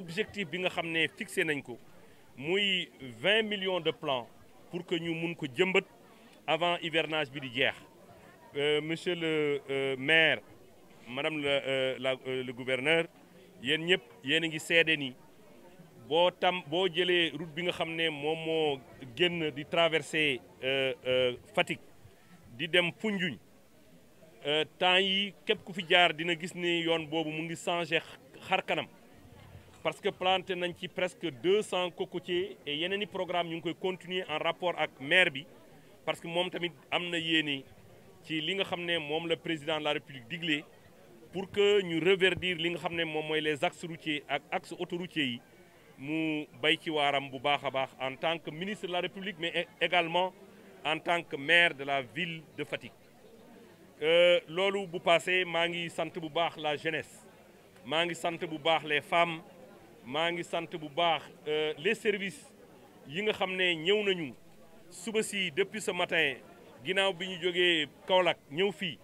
objectif bi nga xam ne fixé nañ ko muy 20 millions de plan pour que ñu mun ko jëmbat avant hivernage bi di jeex euh, monsieur le euh, maire madame euh, la, euh, le gouverneur yéen ñëpp yéen a ngi seede ni boo tam boo jëlee route bi nga xam ne moom moo génn di traversé Fatick di dem Foundiougne temps yi képp ku fi jaar dina gis ni yoon boobu mu ngi changé xar kanam parce que planté nañ ci presque deux cent cocotiers et yeneen i programme ñu ngi koy continue en rapport ak maire bi parce que moom tamit am na yéene ci li nga xam ne moom la président la république digle pour que ñu reverdir li nga xam ne moom mooy les axes routiers ak axes autoroutiers yi mu bay ci waaram bu baax a baax en tant que ministre la république mais également en tant que maire de la ville de Fatick euh, loolu bu passé maa ngi sant bu baax la jeunesse maa ngi sant bu baax les femmes maa ngi sant bu baax euh, les services yi nga xam ne ñëw nañu suba si depuis ce matin ginnaaw bi ñu jógee Kaolack ñëw fii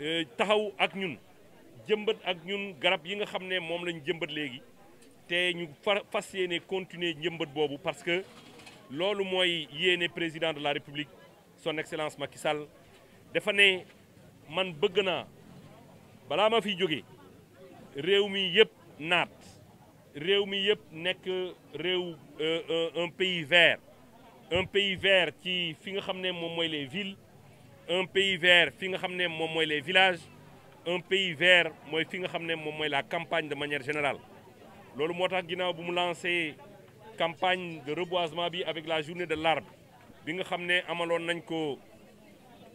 euh, taxaw ak ñun jëmbat ak ñun garab yi nga xam ne moom lañ jëmbat léegi te ñu fa fas yéene continuer jëmbat boobu parce que loolu mooy yéene président de la république son excellence Macky Sall dafa ne man bëgg naa balaa ma fiy jógee réew mi yëpp naat. réew mi yëpp nekk réew euh, euh, un pays vert un pays ver ci fi nga xam ne moom mooy les villes un pays vert fi nga xam ne moom mooy les villages un pays vert mooy fi nga xam ne moom mooy la campagne de manière générale loolu moo tax ginnaaw bu mu lancé campagne de reboisement bi avec la journée de l'arbre bi nga xam ne amaloon nañ ko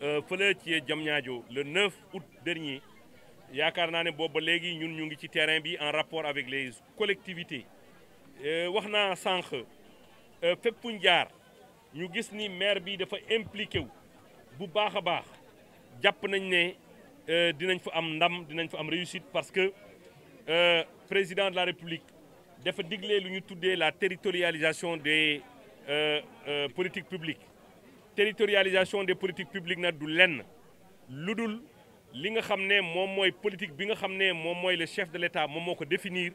euh, fële ci Diamniadio le 9 août dernier yaakaar naa ne booba léegi ñun ñu ngi ci terrain bi en rapport avec les collectivités euh, wax naa sànq euh, fépp fuñ jaar ñu gis ni maire bi dafa impliqué wu bu baax a baax jàpp nañ ne euh, dinañ fa am ndam dinañ fa am réussite parce que président de la république dafa digle lu ñu tuddee la territorialisation des politique publique territorialisation des politique publique na du lenn lu dul li nga xam ne moom mooy politique bi nga xam ne moom mooy le chef de l'État moom moo ko définir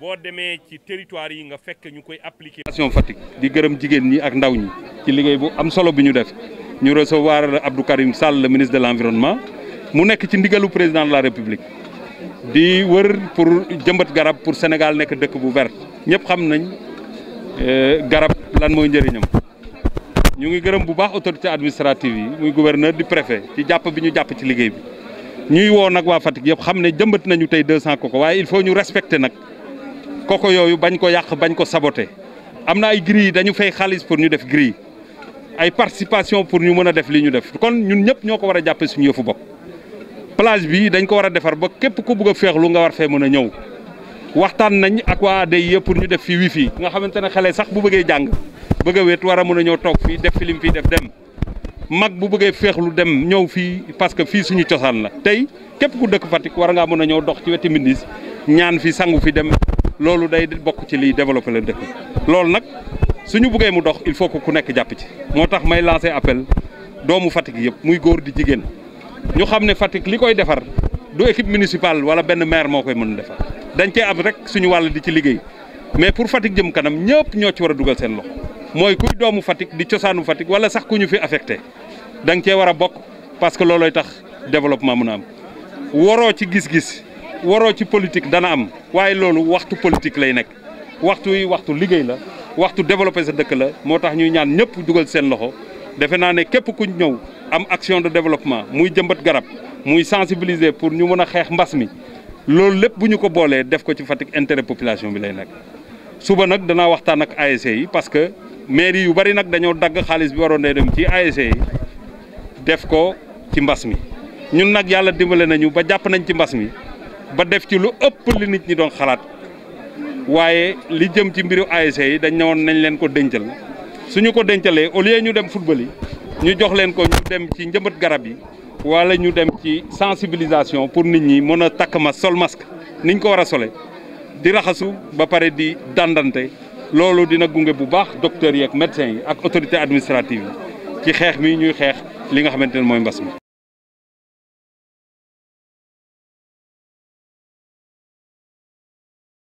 boo demee ci territoire yi nga fekk ñu koy appliquer. Fatick di gërëm jigéen ñi ak ndaw ñi ci liggéey bu am solo bi ñu def ñu recevoir Abdou Karim Sall le ministre de l'environnement mu nekk ci ndigalu président de la République di wër pour jëmbat garab pour Sénégal nekk dëkk bu vert ñëpp xam nañ euh, garab lan mooy njëriñam. ñu ngi gërëm bu baax autorité administrative yi muy gouverneur di préfet ci jàpp bi ñu jàpp ci liggéey ñuy woo nag waa Fatick yëpp xam ne jëmbat nañu tey 200 koko waaye il faut ñu respecter nag koko yooyu bañ ko yàq bañ ko saboter am na ay yi dañu fay xaalis pour ñu def grille ay participation pour ñu mën a def li ñu def kon ñun ñëpp ñoo ko war a jàppe suñu yëfu bopp. plage bi dañ ko war a defar ba képp ko bëgg a féexlu nga war fee mën a ñëw waxtaan nañ ak waa ADIE pour ñu def fi fi nga xamante ne xale sax bu bëggee jàng bëgg a war a mën a ñëw toog fii def fi lim fii def dem. mag bu bëggee féexlu dem ñëw fii parce que fii suñu cosaan la tey képp ku dëkk Fatick war ngaa mën a ñëw dox ci weti Mbindis ñaan fi sangu fi dem loolu day bokk ci liy développé la dëkk loolu nag suñu buggee mu dox il faut que ku nekk jàpp ci moo tax may lancé appel doomu Fatick yëpp muy góor di jigéen ñu xam ne Fatick li koy defar du équipe municipale wala benn maire moo koy mën def dañ cee ab rek suñu wàll di ci liggéey mais pour Fatick jëm kanam ñëpp ñoo ci war a dugal seen loxo mooy kuy doomu Fatick di cosaanu Fatick wala sax ku ñu fi affecté da nga cee war a bokk parce que loolooy tax développement mun a am waroo ci gis-gis waroo ci politique dana am waaye loolu waxtu politique lay nekk waxtu yi waxtu liggéey la waxtu développé sa dëkk la moo tax ñuy ñaan ñëpp dugal seen loxo defe naa ne képp ku ñëw am action de développement muy jëmbat garab muy sensibiliser pour ñu mën a xeex mbas mi loolu lépp bu ñu ko boolee def ko ci Fatick intérêt population bi lay nekk suba nag danaa mairie yu bari nag dañoo dagg xaalis bi waroon dee dem ci ASC def ko ci mbas mi ñun nag yàlla dimbale nañu ba jàpp nañ ci mbas mi ba def ci lu ëpp li nit ñi doon xalaat waaye li jëm ci mbiru ASC yi dañ ne nañ leen ko dencal suñu ko dencalee au lieu ñu dem football yi ñu jox leen ko ñu dem ci njëmbat garab yi wala ñu dem ci sensibilisation pour nit ñi mën a takk ma sol mask niñ ko war a sole di raxasu ba pare di dàndante loolu dina gunge bu baax docteurs yi ak médecins yi ak autorités administratives yi ci xeex mi ñuy xeex li nga xamante ne mooy mbas mi